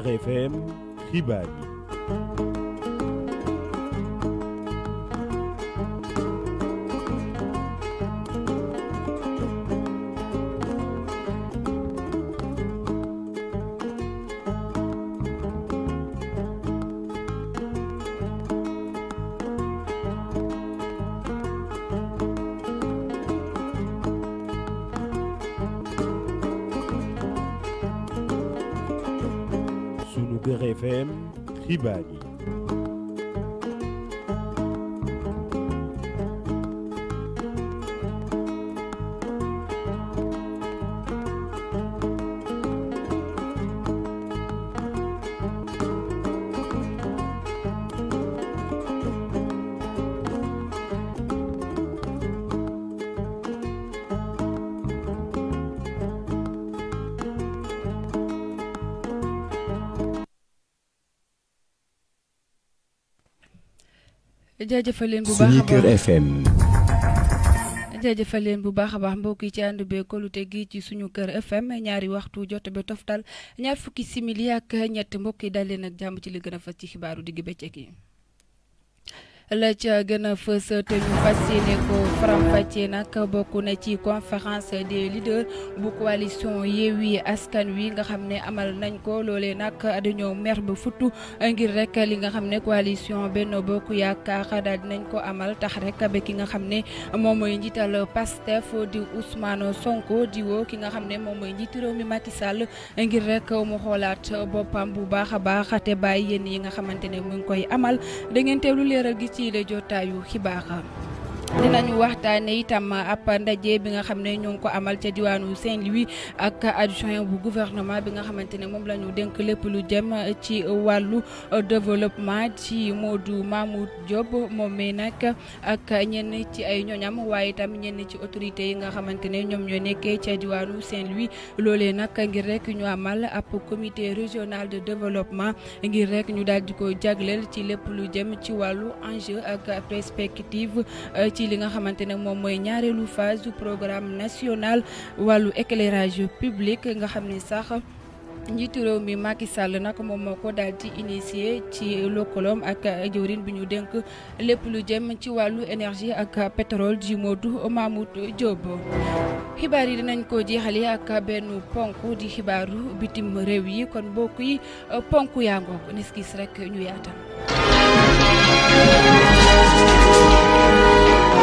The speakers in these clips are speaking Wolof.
reform tribal Terre FM, Tribali. jaajëfal leen bu FM. jaajëfal leen bu baax a baax mbokk yi ci ànd be kolute gi ci suñu kër FM ñaari waxtu jot ba toftal ñaar fukki simili ak ñett mbokk yi dal leen ak jàmm ci li gën a fas ci xibaaru digg bëccëg yi. la ca gën a fës te ñu fas yéene ko faram nag bokk na ci conférence des leaders bu coalition Yewwi Askan Wi nga xam ne amal nañ ko loolee nag dañoo mer ba futtu ngir rek li nga xam ne coalition Benno Bokk Yaakaar daal nañ ko amal tax rek ba ki nga xam ne moom mooy njiital Pastef di Ousmane Sonko di woo ki nga xam ne moom mooy njiitu réew mi Sall ngir rek mu xoolaat boppam bu baax a baax te bàyyi yéen yi nga xamante ne mu koy amal da ngeen teewlu ci yile jotaayu xibaar dinañu waxtaane itam ab ndaje bi nga xam ne ñoo ngi ko amal ca diwaanu Saint-Louis ak adjoint bu gouvernement bi nga xamante ne moom lañu ñu lépp lu jëm ci wàllu développement ci Modou Mamoud Diop moom mi nag ak ñenn ci ay ñoñam waaye itam ñenn ci autorités yi nga xamante ne ñoom ñoo nekkee ca diwaanu Saint-Louis loole nag ngir rek ñu amal ab comité régional de développement ngir rek ñu daal di ko jagleel ci lépp lu jëm ci wàllu enjeu ak perspective euh, ci li nga xamante ne moom mooy ñaareelu phase du programme national wàllu éclairage public nga xam ni sax njiitu réew mi Macky Sall nag moom moo ko daal ci initié ci lëkkaloom ak jëwrin bi ñu dénk lépp lu jëm ci wàllu énergie ak pétrole ji Modou Mamoud Diop. xibaar yi dinañ ko jeexalee ak benn ponk di xibaaru bitim réew yi kon mbokk ponk yaa ngoog nis gis rek ñu yaatal.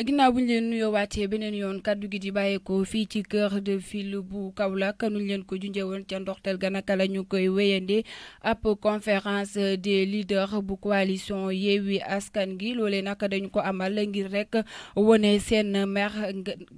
ginnaaw bu ñu leen nuyoo waatee beneen yoon kaddu gi di bàyyeekoo fii ci cœur de ville bu Kaolack nu ñu leen ko junjee woon ca ndox ndoxteel ga naka la ñu koy wéyande ab conférence des leaders bu coalition Yewwi Askan gi loole naka dañu ko amal ngir rek wone seen mer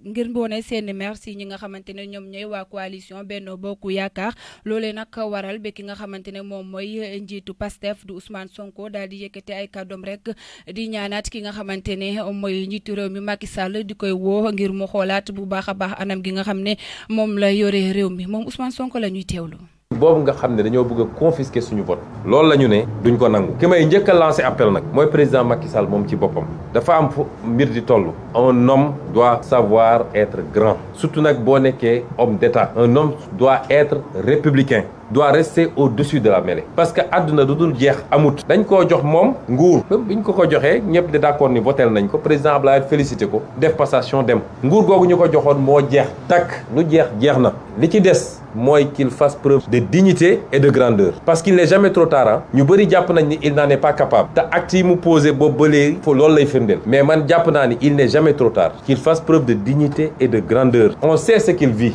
ngir wone seen mer si ñi nga xamante ne ñoom ñooy waa coalition benn bokku Yaakaar loolee nag waral ba ki nga xamante ne moom mooy njiitu Pastef du Ousmane Sonko daal di yëkkate ay kàddoom rek di ñaanaat ki nga xamante ne mooy réew mi Macky Sall di koy woo ngir mu xoolaat bu baax a baax anam gi nga xam ne moom la yore réew mi moom Ousmane Sonko la ñuy teewlu. boobu nga xam ne dañoo bëgg a confisquer suñu vote loolu la ñu ne duñ ko nangu ki may njëkk a lancé appel nag mooy président Macky Sall moom ci boppam dafa am mbir di toll un homme doit savoir être grand surtout nag boo nekkee homme d'état un homme doit être républicain doit rester au-dessus de la mêlée parce que Aduna du dul jeex amut dañ koo jox moom nguur même biñ ko ko joxee ñëpp de d'accord ni votel nañ ko président Abdoulaye félicité ko def passation dem ngour googu ñuko joxone mo moo jeex takk lu jeex jeex na li ci dess moy qu'il fasse preuve de dignité et de grandeur parce qu'il n'est jamais trop tard hein. ñu bëri japp nañ ni il n'en est pas capable ta acte yi mu poser bo beulé fo lay firndeel mais man japp naa ni il n'est jamais trop tard qu'il fasse preuve de dignité et de grandeur on sait ce qu'il vit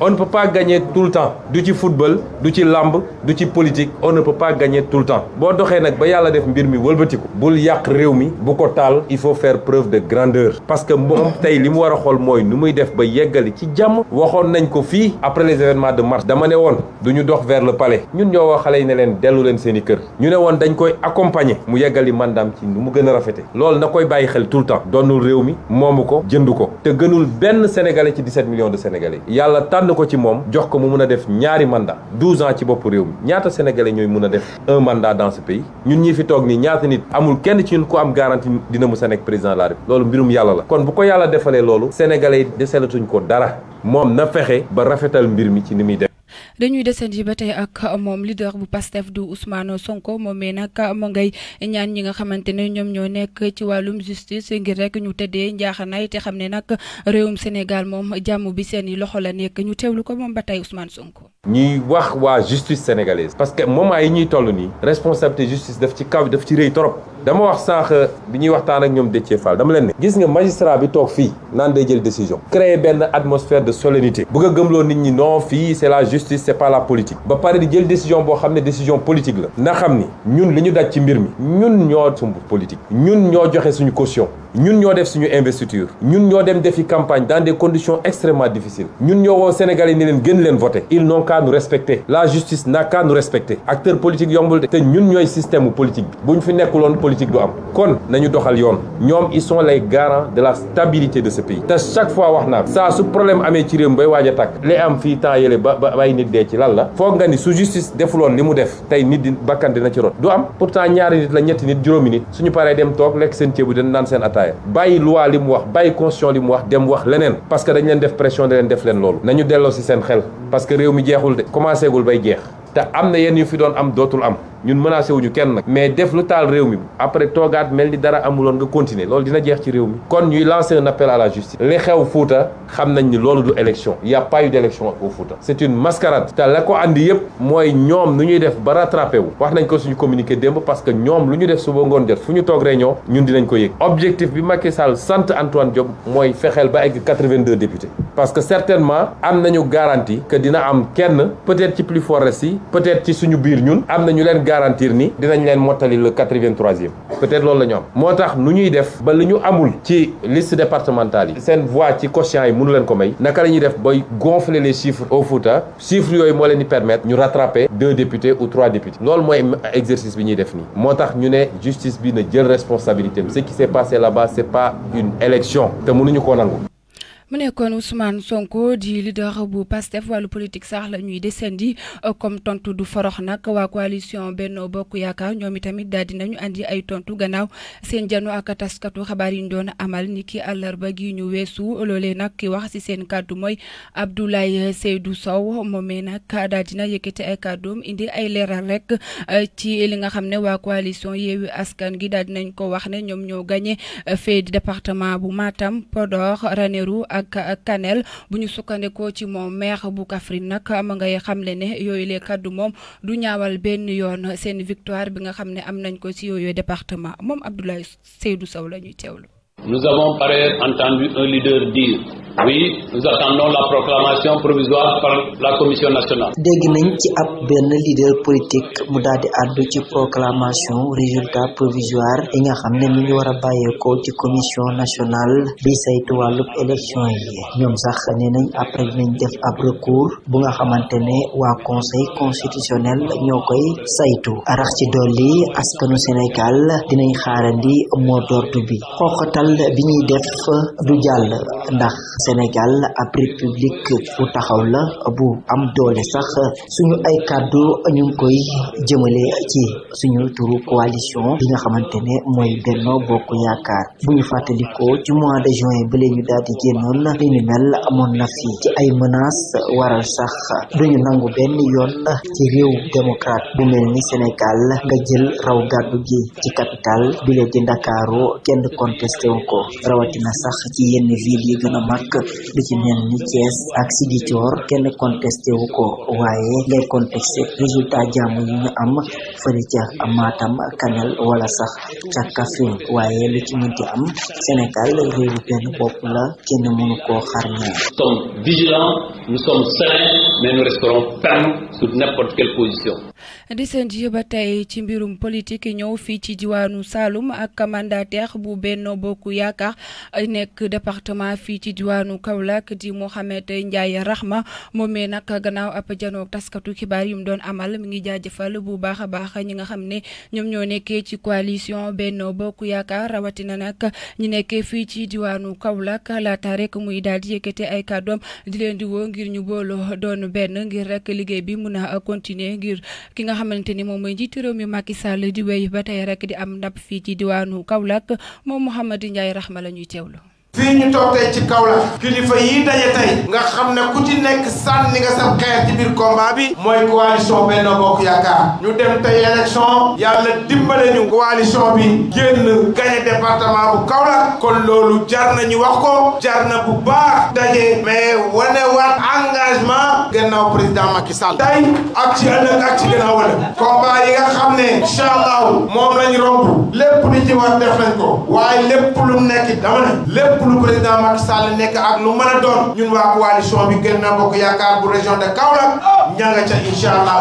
on ne peut pas gagner tout le temps du ci football du ci lambe, du ci politique on ne peut pas gagner tout le temps boo doxee nag ba yàlla def mbir mi wëlbatiku bul yàq réew bu ko taal il faut faire preuve de grandeur parce que moom tey li mu war a xool mooy nu muy def ba yeggali ci jàmm waxoon nañ ko fii après les événements de mars dama ne woon du ñu dox vers le palais ñun ñoo wax xale yi ne leen dellu leen seen kër ñu ne dañ koy accompagner mu yeggali mandaam ci nu mu gën a rafete loolu koy bàyyi xel tout le temps doonul réew mi moomu ko jënd ko te gënul benn sénégalais ci 17 millions de sénégalais yàlla tànn na moom jox ko mu mun a def ñaari mandat 12 ans ci bopp réew mi ñaata sénégalais ñooy mun a def un mandat dans ñun ñi fi toog nii ñaata nit amul kenn ci ñun ko am garantie dina mu sa nekk président de la République loolu mbirum yàlla la kon bu ko yàlla defalee loolu sénégalais yi deselatuñ ko dara moom na fexe ba rafetal mbir mi ci ni muy def dañuy desandi ba tey ak moom leader bu Pastef du Ousmane Sonko moom moomee nag mu ngay ñaan ñi nga xamante ne ñoom ñoo nekk ci wàllum justice ngir rek ñu tëddee njaaxanaay te xam ne nag réewum Sénégal moom jàmm bi seen i loxo la nekk ñu teewlu ko moom ba tey usmaan Sonko. Nous wax la justice sénégalaise parce que moment yi suis la de responsabilité justice daf ci kaw de ci Je torop dama wax sànq bi ñuy waxtaan ak Nous avons Fall magistrat bi a décision créer une atmosphère de solennité Si vous avez nit ñi non c'est la justice n'est pas la politique ba pare di jël décision décision politique la na xam ñun daj ci politique ñun caution ñun ñoo def suñu investiture ñun ñoo dem defi campagne dans des conditions extrêmement difficiles ñun ñoo woo Sénégalais yi ni gën leen voté ils n'ont qu'à nous respecter la justice n'a qu'à nous respecter acteur politique yombul de te ñun ñooy système politique bi bu ñu fi nekkuloon politique du am kon nañu doxal yoon ñoom ils sont les garants de la stabilité de ce pays te chaque fois wax naa saa su problème amee ci réew mi bay waaj a tàkk lay am fii temps yële ba ba bay nit dee ci lan la foog nga ni su justice defuloon li mu def tey nit di bakkan dina ci rot du am pourtant ñaari nit la ñetti nit juróomi nit suñu paree dem toog lekk seen ceebu den naan seen bataille loi li wax bàyyi constitution li wax dem wax parce que dañ leen def pression da leen def len loolu nañu delloo si seen xel parce que rew mi jeexul de commencé gul bay jeex ta am na yenn yu fi doon am dotul am ñun menacé wuñu kenn nak mais def lu taal réew mi après toogaat mel ni dara amuloon nga continuer loolu dina jeex ci réew mi kon ñuy lancer un appel à la justice li xew Fouta xam nañ ni loolu du élection y a pas eu d'élection au Fouta c'est une mascarade te la ko andi yëpp mooy ñoom nu ñuy def ba rattrapé wu wax nañ ko suñu communiqué démb parce que ñoom lu ñu def suba ngoon jot fu ñu toog réunion ñun dinañ ko yëg objectif bi Macky Sall sant Antoine Diop mooy fexeel ba egg 82 députés parce que certainement am nañu garantie que dina am kenn peut-être ci plus fort yi peut-être ci suñu biir ñun am nañu leen garantir ni dinañ leen motali le 83e peut-être loolu la ñu am moo tax nu ñuy def ba li ñu amul ci liste départementale yi seen voix ci quotient yi mënu leen ko may naka la ñuy def bay gonfler les chiffres au Fouta chiffres yooyu moo leen di permettre ñu rattraper deux députés ou trois députés loolu mooy exercice bi ñuy def nii moo tax ñu ne justice bi na jël responsabilité ce qui s'est passé là-bas c'est pas une élection te mënuñu koo nangu mu nekkoon Ousmane Sonko di leader bu PASTEF wàllu politique sax la ñuy desandi euh, comme tontu du forox nag waa coalition Benno Bokk Yaakaar ñoom itamit daal dinañu andi ay tontu gannaaw seen jano ak taskatu xabaar yi ñu doon amal ni ki àllarba gi ñu weesu loolee nag ki wax ci seen kaddu mooy Abdoulaye Seydou Sow moomee nag daal dina yëkkati ay kàddoom indi ay leeral rek euh, ci li nga xam ne waa coalition Yewwi Askan gi daal dinañ ko wax ne ñoom ñoo gagné euh, fee département bu Matam Podor Ranérou ak Kanel bu ñu sukkandikoo ci moom maire bu Kaffrine nag ma ngay xamle ne yooyu les kàddu moom du ñaawal benn yoon seen victoire bi nga xam ne am nañ ko ci yooyu département moom Abdoulaye Seydou Sow la ñuy teewlu. Nous avons par ailleurs entendu un leader dire oui nous attendons la proclamation provisoire par la commission nationale. dégg nañ ci ab benn leader politique mu dadi di ci proclamation résultat provisoire yi nga xamné ni ñu wara bayé ko ci commission nationale bi saytu wàllub élection yi Ñom sax nee nañ après dinañ def ab recours bu nga xamante ne conseil constitutionnel ñokoy koy saytu rax ci doli askanu Sénégal dinañ xaarandi mo dortu bi xoxatal dogal bi ñuy def du jàll ndax Sénégal ab république bu taxaw la bu am doole sax suñu ay kàddu ñu ngi koy jëmale ci suñu turu coalition bi nga xamante ne mooy Benno Bokk Yaakaar bu ñu fàttalikoo ci mois de juin ba ñu daal di génnoon li ni mel amoon na fi ci ay menaces waral sax duñu nangu benn yoon ci réew démocrate bu mel ni Sénégal nga jël raw gàddu gi ci capital bi di Ndakaaru kenn contesté ko rawatina sax ci yenn ville yi gën mag lu ci mel ni Thiès ak Ziguinchor kenn contesté wu ko waaye ngay contesté résultat jàmm yi ñu am fële ca Matam Kanel wala sax ca Kaffrine waaye lu ci mënti am Sénégal réewu benn bopp la kenn mënu koo xar ñaar. Nous sommes mais nous resterons fermes sur n'importe quelle position. deseen ji ba tey ci mbirum politique ñëw fi ci diwanu Saloum ak mandataire bu Benno bokku Yaakaar nek département fi ci diwanu Kaolack di Mohamed ndjay Rahma momé nak gannaaw ap jano taskatu xibaar yum doon amal mi ngi jaajëfal bu baax baax ñi nga xamné ñom ñoo nekké ci coalition Benno Bokk rawati na nak ñi nekké fi ci diwaanu Kaolack laata ko muy dal di yëkkate ay kàddoom di len di wo ngir ñu bolo doon ben ngir rek liggéey bi mëna continuer ngir ki nga xamante ni moom mooy njiitu réew mi Macky Sall di wéy ba tey rek di am ndap fii ci diwaanu Kaolack moom Mouhamed rax ma la ñuy teewlu. fii ñu toog tey ci kaw la kilifa yi daje tey nga xam ne ku ci nekk sànni nga sa xeer biir combat bi mooy coalition Benno Bokk Yaakaar ñu dem tey élection yàlla dimbale ñu coalition bi génn gagné département bu kaw la kon loolu jar nañu ñu wax ko jar na bu baax daje mais wane waat engagement gannaaw président Macky Sall tey ak ci ëllëg ak ci gannaaw wala combat yi nga xam ne incha moom lañu romb lépp li ci war def nañ ko waaye lépp lu nekk lu président Macky Sall nekk ak lu mën a doon ñun waa coalition bi gën na bokk yaakaar bu région de Kaolack ña nga ca incha allah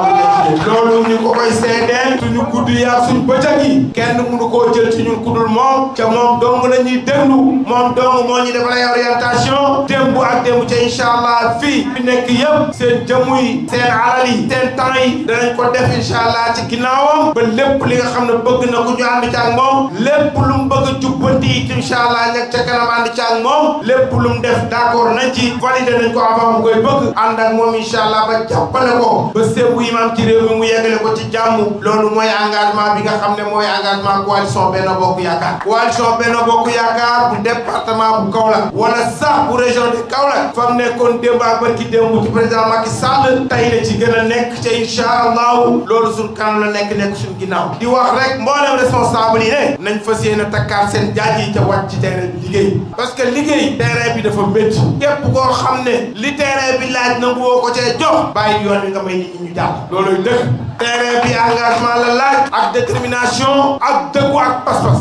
loolu ñu ko koy seedeel suñu gudd yaa suñu bëccëg yi kenn mënu koo jël ci ñun kudul moom ca moom dong la ñuy déglu moom dong moo ñu def orientation démb ak démb ca incha fii fi nekk yëpp seen jëmm yi seen yi seen temps yi danañ ko def incha ci ginnaawam ba lépp li xam ne bëgg na ku ñu ànd ci ak moom lépp lu mu a jubbanti incha allah ñag ca caag moom lépp lu mu def d'accord nañ ci validé nañ ko avant mu koy bëgg ànd ak moom incha allah ba jàppale ko ba sébu imam ci réew mi mu yeggale ko ci jàmm loolu mooy engagement bi nga xam ne mooy engagement coalition Benno Bokk Yaakaar coalition boo ku Yaakaar bu département bu Kaolack wala sax bu région de Kaolack fa mu nekkoon démb ak barki démb ci président Macky Sall tey la ci gën a nekk ca incha allahu loolu suñ kanam la nekk nekk suñ ginnaaw di wax rek mboolem responsable yi ne nañ fas yéene takkaat seen jaaj yi ca ci terrain bi parce que liggéey terrain bi dafa métti képp koo xam ne li terrain bi laaj nangu woo ko cee jox bàyyi yoon wi nga may nit ñi ñu jàpp looloy dëgg terrain bi engagement la laaj ak détermination ak dëggu ak pas-pas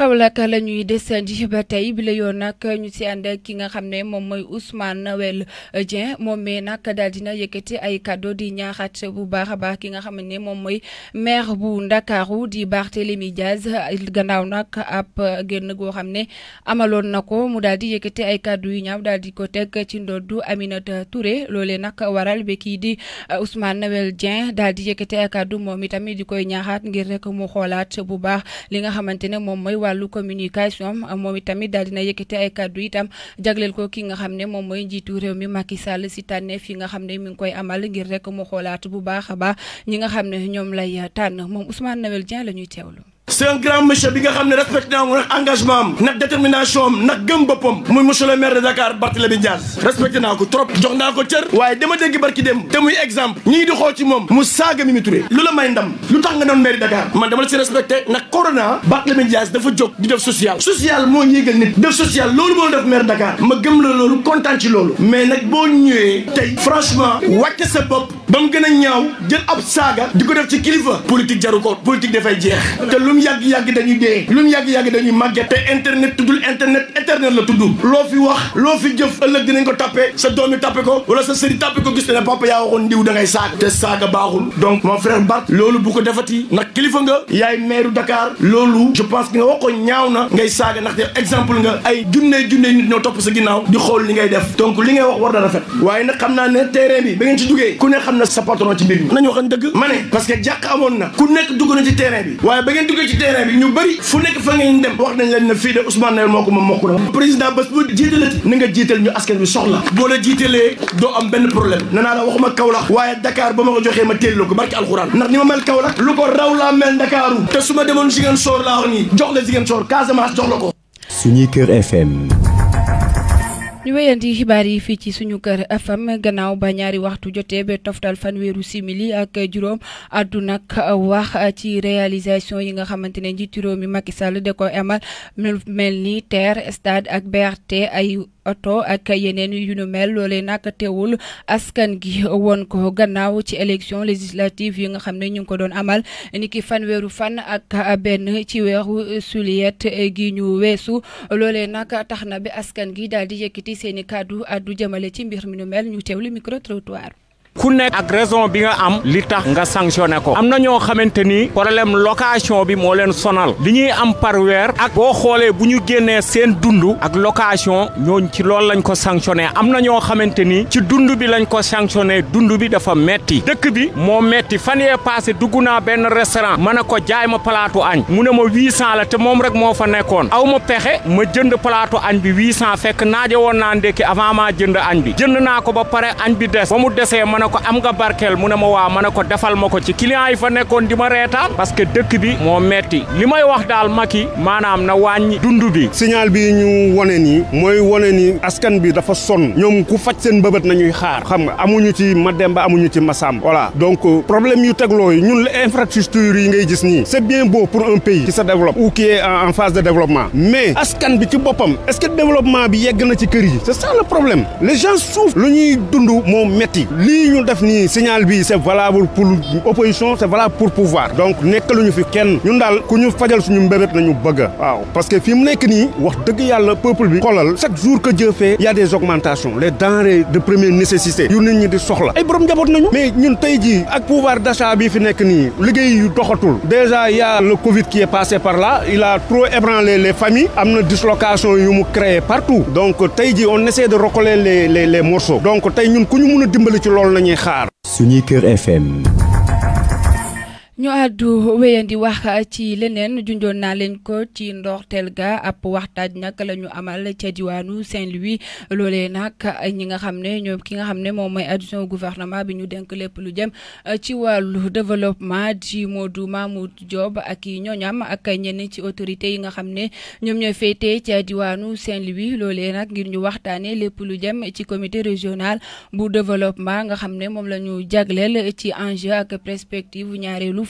Kaolack la ñuy desandi ba tey bi la ñu si ànd ki nga xam ne moom mooy Ousmane Noël Dieng moom mee nag daal dina yëkkati ay cadeau di ñaaxaat bu baax a baax ki nga xaman ne moom mooy maire bu Ndakaaru di baax te Barthélémy Diaz gannaaw nag ab génn goo xam ne amaloon na ko mu daal di yëkkati ay kàddu yu ñaaw daal di ko teg ci ndoddu Aminata Touré loole nag waral ba kii di Ousmane Noël Dieng daal di yëkkati ay kàddu moom itamit di koy ñaaxaat ngir rek mu xoolaat bu baax li nga wàllu communication moom itamit daal dina yëkkate ay kàddu itam jagleel ko ki nga xam ne moom mooy njiitu réew mi Macky Sall si tànnee fi nga xam ne mi ngi koy amal ngir rek mu xoolaat bu baax a baax ñi nga xam ne ñoom lay tànn moom Ousmane Noël Dieng la ñuy teewlu. c'est un grand monsieur bi nga xam ne respecté naa ko nag engagement am nag détermination am nag gëm boppam muy monsieur le maire de Dakar Barthélémy Dias respecté naa ko trop jox naa ko cër waaye dama dégg barki dem te muy exemple ñii di xoo ci moom mu saaga Mimi Touré lu la may ndam lu tax nga doon maire Dakar man dama la si respecté nag corona Barthélémy Dias dafa jóg di def social social moo yéegal nit def social loolu moo def maire Dakar ma gëm la loolu kontaan ci loolu mais nag boo ñëwee tey franchement wàcce sa bopp ba mu gën a ñaaw jël ab saaga di ko def ci kilifa politique jaru ko politique dafay jeex luñ yàgg yàgg dañuy dee luñ yàgg yàgg dañuy màgget té internet tudul internet internet la tudd lo fi wax lo fi jëf ëlëk dinañ ko tapé sa doomi tapé ko wala sa sëri tapé ko gis na papa ya waxon ndiw da ngay saag té saaga baaxul donc mon frère Bart lolu bu ko defati nak kilifa nga yaay maire Dakar lolu je pense nga wax ko ñaaw na ngay saaga ndaxte exemple nga ay junne junne nit ñoo top sa ginnaw di xol li ngay def donc li ngay wax war da rafet waaye nak xamna né terrain bi ba ngeen ci duggé ku ne xamna sa patron ci mbir mi nañu waxan dëgg mané parce que jakk amon na ku nekk duggu na ci terrain bi waaye ba ngeen dugg jógee terrain bi ñu bëri fu nekk fa ngeen dem wax nañ leen ne fii de Ousmane Noël moo ko na président bés bu jiitale na nga boo la jiitalee doo am problème nanaa la waxuma Kaolack waaye Dakar ba ma ko joxee ma téel la ko barki alxuraan ndax ni ma mel Kaolack lu ko raw laa mel Dakaru te su ma demoon soor laa wax nii jox la Ziguinchor Casamance jox la ko suñuy kër FM ñu wéyandi xibaar yi fii ci suñu kër FM gannaaw ba ñaari waxtu jotee ba toftal fanweeru simili ak juróom àddu nag wax ci réalisation yi nga xamante ne njiitu réew mi Macky Sall da ko amal mel ni TER stade ak BRT ay. oto ak yeneen yu nu mel loolee nag teewul askan gi woon ko gannaaw ci élection législative yi nga xam ne ñu ngi ko doon amal niki fanweeru fan ak benn ci weeru suliet gi ñu weesu loole nag tax na bi askan gi daal di yëkkati seeni kàddu àddu jëmale ci mbir mi nu mel ñu teewlu micro trottoir. ku nekk ak raison bi nga am li tax nga sanctionné ko am na ñoo xamante ni problème location bi moo leen sonal li ñuy am par weer ak boo xoolee bu ñu génnee seen dund ak location ñooñ ci loolu lañ ko sanctionné am na ñoo xamante ni ci dund bi lañ ko sanctionné dund bi dafa metti dëkk bi moo metti fan yee passé dugg naa benn restaurant ma ne ko jaay ma palaatu añ mu ne ma 800 la te moom rek moo fa nekkoon aw ma pexe ma jënd palaatu añ bi 800 fekk naaje woon naa ndekki avant maa jënd añ bi jënd naa ko ba pare ko am nga barkel mu ne ma waa ma ko defal mako ci client yi fa nekkoon di ma parce que dëkk bi mo metti limay wax dal maki manam na wañ dundu bi signal bi ñu woné ni moy woné ni askan bi dafa son ñom ku fajj seen bëbët nañuy xaar xam nga amuñu ci Mademba amuñu ci Massamba voilà donc problème yu tegloo yi ñun la infrastructure yi ngay gis ni c'est bien beau pour un pays qui se développe ou qui est en phase de développement mais askan bi ci bopam est-ce que développement bi yegg na ci kër yi c'est ça le problème les gens souffrent lu ñuy dundu moo metti li nous ñu def signal bi c'est valable pour l'opposition, c'est valable pour pouvoir donc que fi kenn ñun dal ku ñu fajal suñu mbébét nañu bëgg waaw parce que fi mu nekk nii wax dëgg yàlla peuple bi xolal chaque jour que Dieu fait y a des augmentations les denrées de première nécessité yu nit ñi di soxla ay borom jabot nañu mais ñun tay ji ak pouvoir d'achat bi fi nekk ni liggéey yu doxatul déjà y a le Covid qui est passé par là il a trop ébranlé les familles am des dislocation yu mu créé partout donc tay ji on essaie de recoller les les les morceaux donc tay ñun ku ñu dimbali ci la ñuy xaar. Sunuker FM. ñu àddu wéyandi wax ci leneen junjoon naa leen ko ci ndorteel ga ab waxtaaj nag la ñu amal ca diwaanu Saint-Louis loole nag ñi nga xam ne ñoom ki nga xam ne moom mooy adjoint gouvernement bi ñu dénk lépp lu jëm ci wàllu développement di Modou Mamoud Diop ak i ñooñam ak ñenn ci autorités yi nga xam ne ñoom ñooy féetee ci diwaanu Saint-Louis loole nag ngir ñu waxtaanee lépp lu jëm ci comité régional bu développement nga xam ne moom la ñu jagleel ci enjeu ak perspective ñaareelu.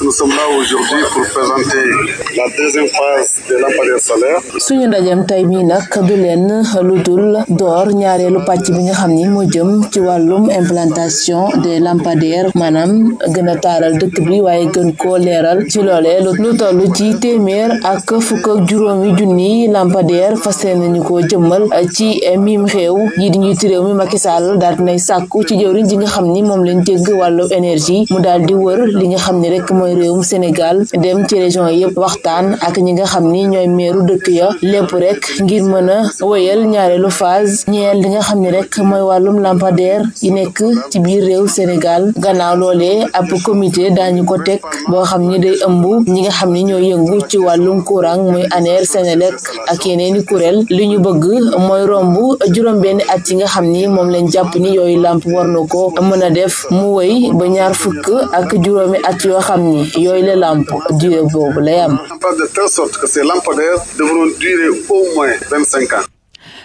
Nous sommes là suñu ndajem tey mii nag du leen lu dul door ñaareelu pàcc bi nga xam ni moo jëm ci wàllum implantation de lampadaires maanaam gën a taaral dëkk bi waaye gën koo leeral ci loolee lu toll ci téeméer ak fukk ak juróomi junni lampadaires fas yéene ko jëmmal ci miim réew yi di njiitu réew mi Macky Sall daal nay sàkku ci jëwriñ ji nga xam ni moom leen jégg wàllu énergie mu daal di wër li nga xam ni rek. moy rewum sénégal dem ci région yépp waxtaan ak ñi nga xamni ñoy ñooy meeru dëkk ya lépp rek ngir mëna woyal phase ñeel li nga xamni rek moy walum lampadaire yi nekk ci biir rew sénégal gannaaw lolé ap comité dañu ko tek bo xamni day ëmbu ñi nga xamni ñoy yëngu ci walum courant moy aner senelek ak yeneeni kurel li ñu bëgg moy rombu juroom benn at yi nga xamni mom lañ japp ni yoy lamp war mëna def mu wëy ba ñaar fukk ak juroomi at yo xam nii le la lamp durée boobu lay am. de telle sorte que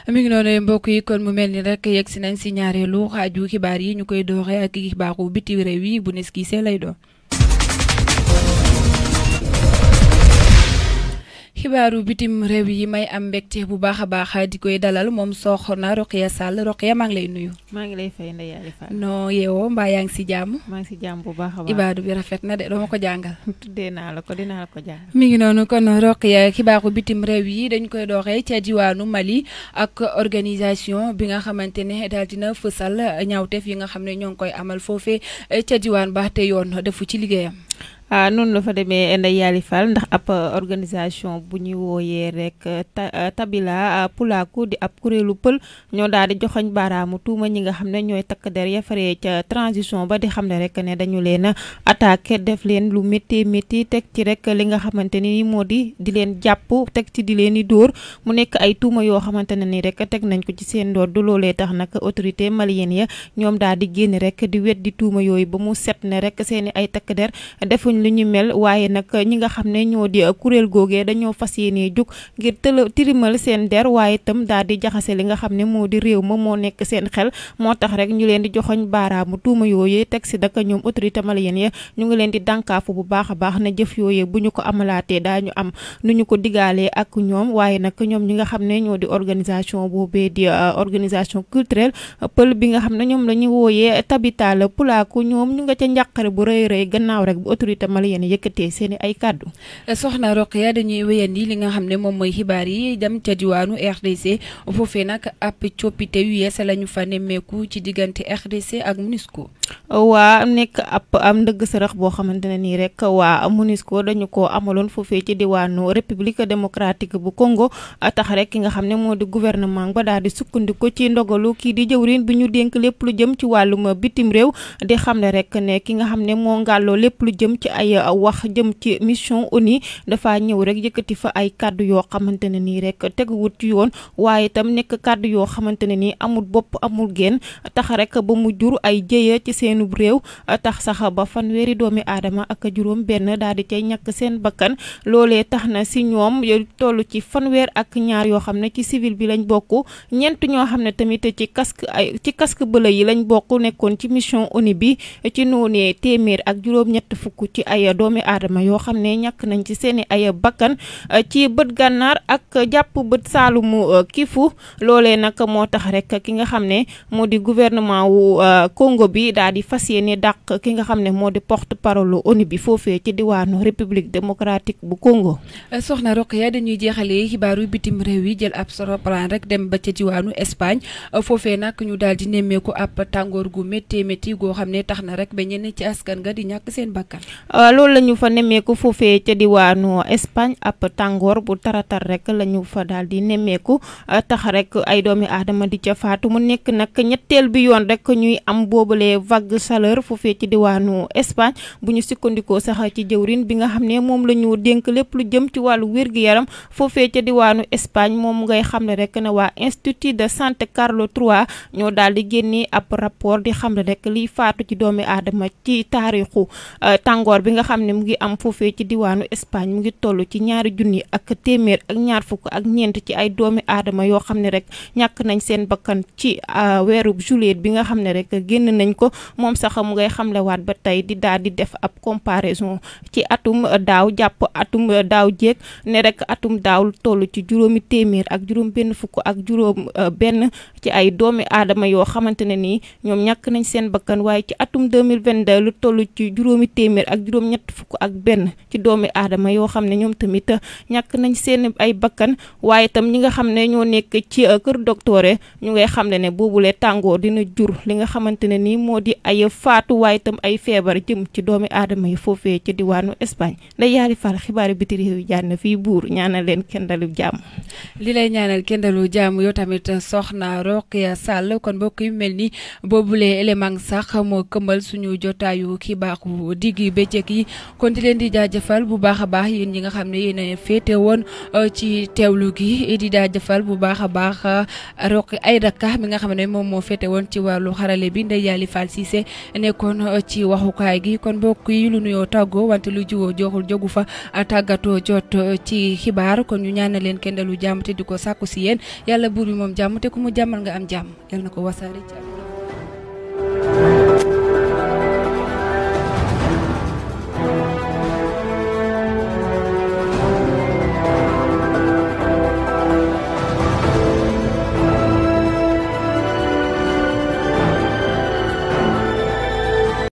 noonu mbokk yi kon mu mel ni rek yegg si nañ si ñaareelu xaaju xibaar yi ñu koy doxe ak xibaaru biti wii bu nes kii see lay doon. xibaaru bitim réew yi may am mbégte bu baax a baax di koy dalal moom Soxna Roqeya Sall Roqeya maa ngi lay nuyu. maa ngi lay fay Ndeye noo yeewoo mbaa yaa si jàmm. maa ngi si jàmm bu baax a baax. ibaadu bi rafet na de dama ko jàngal. tuddee naa la ko ko jàngal. mi ngi noonu kon ya xibaaru bitim réew yi dañ koy doxee ca diwaanu Mali ak organisation bi nga xamante ne daal dina fësal ñaawteef yi nga xam ne ñoo ngi koy amal foofe ca diwaan baax te yoon defu ci liggéeyam. ah noonu la fa demee Ndeye Yaly ndax ab euh, organisation bu ñuy wooyee rek euh, euh, Tabila Pulaaku di ab kuréelu pël ñoo daal di joxoñ baaraamu tuuma ñi nga xam ne ñooy takk der ya faree ca transition ba di xam ne rek ne dañu leen attaqué def leen lu métti métti teg ci rek li nga xamante ni moo di di leen jàpp teg ci di leen di dóor mu nekk ay tuuma yoo xamante ne ni rek teg nañ ko ci seen door du loolee tax nag autorité malienne ya ñoom daal di génn rek di wet di tuuma yooyu ba mu set rek seen i ay takk nañ lu ñu mel waaye nag ñi nga xam ne ñoo di kuréel googee dañoo fas yéene jug ngir tëla tirimal seen der waaye itam daal di jaxase li nga xam ne moo di réew ma moo nekk seen xel moo tax rek ñu leen di joxoñ baaraamu tuuma yooyee teg si daka ñoom autorité malienne ya ñu ngi leen di dànkaafu bu baax baax na jëf yooyee bu ñu ko amalaatee daañu am nu ñu ko digaalee ak ñoom waaye nag ñoom ñi nga xam ne ñoo di organisation boobee di euh, organisation culturelle bi nga xam ne ñoom la ñu wooyee pulaaku ñoom ñu nga ca njàqare bu rëy rëy gannaaw rek bu autorité maliyen yëkkatee seen i ay kàddu soxna Roqeya dañuy wéyandi li nga xam ne moom mooy xibaar yi dem ca diwaanu RDC foofee nag ab coppite yu yees la fa nemmeeku ci diggante RDC ak MONUSCO waa nekk ab am ndëgg sërëx boo xamante ne nii rek waa MONUSCO dañu ko amaloon foofee ci diwaanu République démocratique bu Congo tax rek ki nga xam ne moo di gouvernement ba daal di sukkandiku ci ndogalu kii di jëwriñ bi ñu dénk lépp lu jëm ci wàllum bitim réew di xam ne rek ne ki nga xam ne moo ngàlloo lépp lu jëm ci ay uh, wax jëm ci mission ONU dafa ñëw rek yëkkati fa ay kàddu yoo xamante ne nii rek teguwut ci yoon waaye itam nekk kàddu yoo xamante ne nii amul bopp amul génn tax rek ba mu jur ay jéeya ci seenub réew tax sax ba fanweeri doomi aadama ak juróom benn daal di cay ñàkk seen bakkan loole tax na si ñoom toll ci fanweer ak ñaar yoo xam ne ci civil bi lañ bokk ñeent ñoo xam ne tamit ci casque ay ci casque bleu yi lañ bokk nekkoon ci mission ONU bi ak juróom ci ay doomi aadama yoo xam ne ñàkk nañ ci seen i ay bakkan eh, ci bët gànnaar ak jàpp bët saalumu eh, kifu loole nag moo tax rek ki nga xam ne moo di gouvernement wu eh, Congo bi daal di fas yéene dàq ki nga xam ne moo di porte parole ONU bi foofee ci diwaanu République démocratique bu kongo soxna Rokhaya dañuy jeexalee xibaaru bitim réew yi jël ab soroplaan rek dem ba ci diwaanu Espagne foofee nag ñu daal di nemmeeku ab tàngoor gu méttee métti goo xam ne tax na rek ba ñenn ci askan nga di ñàkk seen bakkan. Euh, loolu la ñu fa nemmeeku foofee ca diwaanu Espagne ab tàngoor bu taratar rek la ñu fa daal di nemmeeku euh, tax rek ay doomi aadama di ca faatu mu nekk nag ñetteel bi yoon rek ñuy am boobule vague chaleur foofee ci diwaanu Espagne bu ñu sukkandikoo sax ci jëwrin bi nga xam ne moom la ñu dénk lépp lu jëm ci wàllu wér-gu-yaram foofee ca diwaanu Espagne moom ngay xamle rek ne waa institut de Santé Carlo III ñoo daal di génnee ab rapport di xam rek liy faatu ci doomi aadama ci taarixu euh, tàngoor bi bi nga xam ne mu ngi am foofee ci diwaanu Espagne mu ngi toll ci ñaari junni ak téeméer ak ñaar fukk ak ñeent ci ay doomi aadama yoo xam ne rek ñàkk nañ seen bakkan ci euh, weeru juillet bi nga xam ne rek génn nañ ko moom sax mu ngay xamlewaat ba tey di daal di def ab comparaison ci atum daaw jàpp atum daaw jéeg ne rek atum daaw toll ci juróomi téeméer ak juróom benn fukk ak juróom euh, benn ci ay doomi aadama yoo xamante ne nii ñoom ñàkk nañ seen bakkan waaye ci atum 2022 lu toll ci juróomi téeméer ak juróom-ñett fukk ak benn ci doomi aadama yoo xam ne ñoom tamit ñàkk nañ seen ay bakkan waaye tam ñi nga xam ne ñoo nekk ci euh, kër docteur ñu ngay xam ne ne boobule tàngoor dina jur li nga xamante ne nii moo di ay faatu waaye tam ay feebar jëm ci doomi aadama yi foofee ci diwaanu Espagne nday yaari fal xibaari biti réew jànn fii buur ñaanal leen kendalu jàmm li lay ñaanal kendalu jàmm yow tamit soxna Roqia Sall kon mbokk yu mel ni boobule élément moo këmbal suñu jotaayu bëccëg kon di leen di jëfal bu baax a baax yéen ñi nga xam ne yi a féete woon euh, ci teewlu gi di jëfal bu baax a baax euh, Roqi Aïda Ka mi nga xam ne moom moo féete woon ci wàllu xarale bi Ndeye Yali Fall Cissé nekkoon euh, ci waxukaay gi kon mbokk yi lu nuyoo tàggoo wante lu jiwoo joxul jogu fa tàggatoo jot ci xibaar kon ñu ñaanal leen kenn dalu jàmm te di ko sàkku si yéen yàlla buur bi moom jàmm te ku mu jàmmal nga am jàmm yàlla na ko wasaare